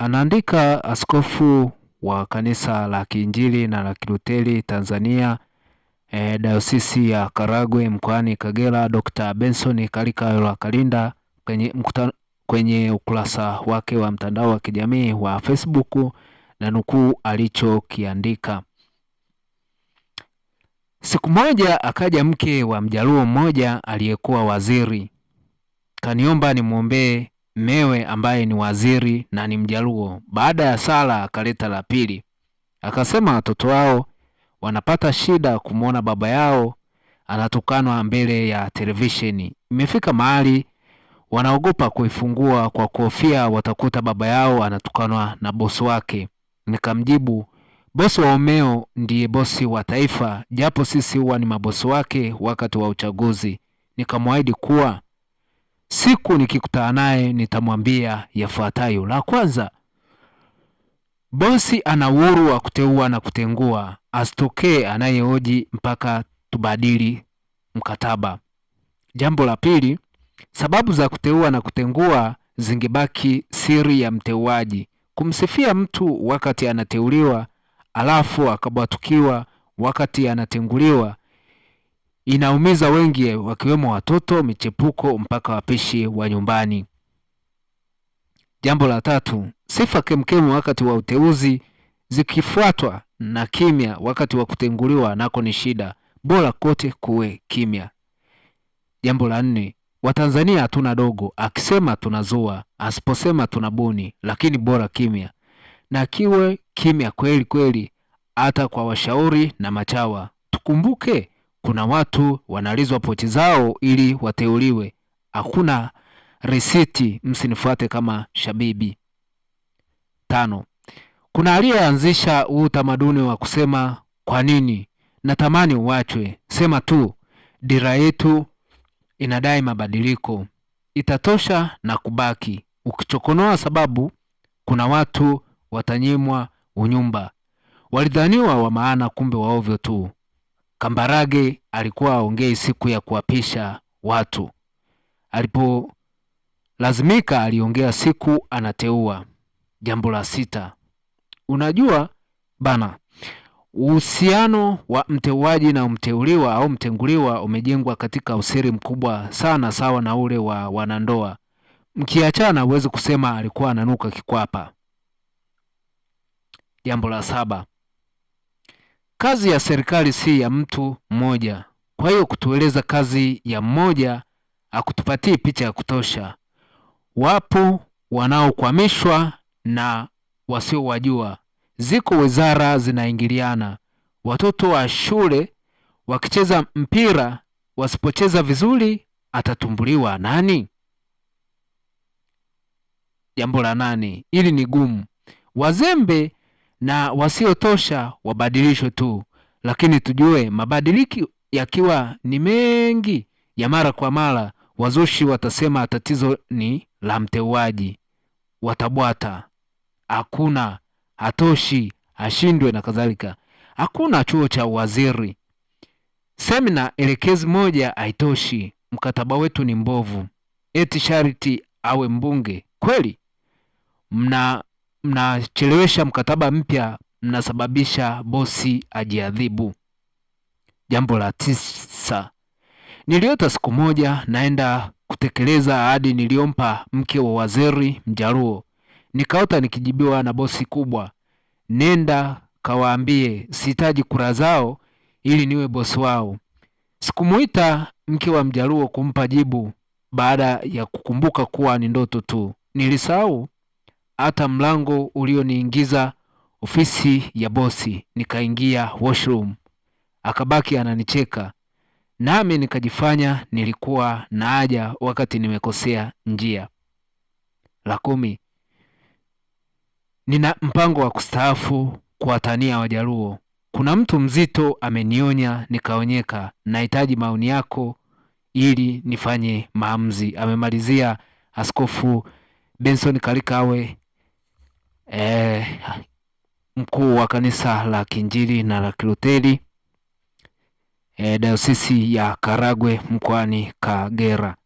Anaandika askofu wa kanisa la Kiinjili na la Kiluteri Tanzania e, dayosisi ya Karagwe mkoani Kagera, Dr. Benson kalika wa Kalinda kwenye, mkutano, kwenye ukurasa wake wa mtandao wa kijamii wa Facebook na nukuu alichokiandika. Siku moja akaja mke wa mjaluo mmoja aliyekuwa waziri, kaniomba nimwombee mewe ambaye ni waziri na ni Mjaluo. Baada ya sala akaleta la pili, akasema watoto wao wanapata shida kumwona baba yao anatukanwa mbele ya televisheni. Imefika mahali wanaogopa kuifungua kwa kuhofia watakuta baba yao anatukanwa na bosi wake. Nikamjibu, bosi wa Omeo ndiye bosi wa taifa, japo sisi huwa ni mabosi wake wakati wa uchaguzi. Nikamwahidi kuwa siku nikikutana naye nitamwambia yafuatayo. La kwanza, bosi ana uhuru wa kuteua na kutengua, asitokee anayehoji mpaka tubadili mkataba. Jambo la pili, sababu za kuteua na kutengua zingebaki siri ya mteuaji. Kumsifia mtu wakati anateuliwa alafu akabwatukiwa wakati anatenguliwa inaumiza wengi wakiwemo watoto, michepuko mpaka wapishi wa nyumbani. Jambo la tatu, sifa kemkemu wakati wa uteuzi zikifuatwa na kimya wakati wa kutenguliwa, nako ni shida. Bora kote kuwe kimya. Jambo la nne, Watanzania hatuna dogo, akisema tunazua, asiposema tunabuni, lakini bora kimya, na kiwe kimya kweli kweli, hata kwa washauri na machawa. Tukumbuke kuna watu wanalizwa pochi zao ili wateuliwe. Hakuna risiti, msinifuate kama shabibi. Tano, kuna aliyeanzisha huu utamaduni wa kusema kwa nini natamani uachwe, sema tu dira yetu inadai mabadiliko, itatosha na kubaki. Ukichokonoa sababu, kuna watu watanyimwa unyumba, walidhaniwa wa maana, kumbe waovyo tu. Kambarage alikuwa aongee siku ya kuapisha watu, alipolazimika aliongea siku anateua. Jambo la sita, unajua bana, uhusiano wa mteuaji na mteuliwa au mtenguliwa umejengwa katika usiri mkubwa sana, sawa na ule wa wanandoa. Mkiachana huwezi kusema alikuwa ananuka kikwapa. Jambo la saba Kazi ya serikali si ya mtu mmoja, kwa hiyo kutueleza kazi ya mmoja akutupatii picha ya kutosha. Wapo wanaokwamishwa na wasiowajua. Ziko wizara zinaingiliana, watoto wa shule wakicheza mpira wasipocheza vizuri atatumbuliwa nani? Jambo la nane, hili ni gumu. Wazembe na wasiotosha wabadilishwe tu, lakini tujue mabadiliko yakiwa ni mengi ya mara kwa mara, wazushi watasema tatizo ni la mteuaji, watabwata hakuna, hatoshi, ashindwe na kadhalika. Hakuna chuo cha uwaziri, semina elekezi moja haitoshi, mkataba wetu ni mbovu, eti sharti awe mbunge kweli? Mna mnachelewesha mkataba mpya, mnasababisha bosi ajiadhibu. Jambo la tisa, niliota siku moja naenda kutekeleza ahadi niliyompa mke wa waziri Mjaruo. Nikaota nikijibiwa na bosi kubwa, nenda kawaambie sihitaji kura zao ili niwe bosi wao. Sikumuita mke wa Mjaruo kumpa jibu baada ya kukumbuka kuwa ni ndoto tu. Nilisahau hata mlango ulioniingiza ofisi ya bosi, nikaingia washroom, akabaki ananicheka, nami nikajifanya nilikuwa na haja wakati nimekosea njia. La kumi, nina mpango wa kustaafu kuwatania Wajaluo. Kuna mtu mzito amenionya, nikaonyeka. Nahitaji maoni yako ili nifanye maamuzi, amemalizia Askofu Benson Kalikawe e, mkuu wa kanisa la Kiinjili na la Kilutheri e, dayosisi ya Karagwe mkoani Kagera.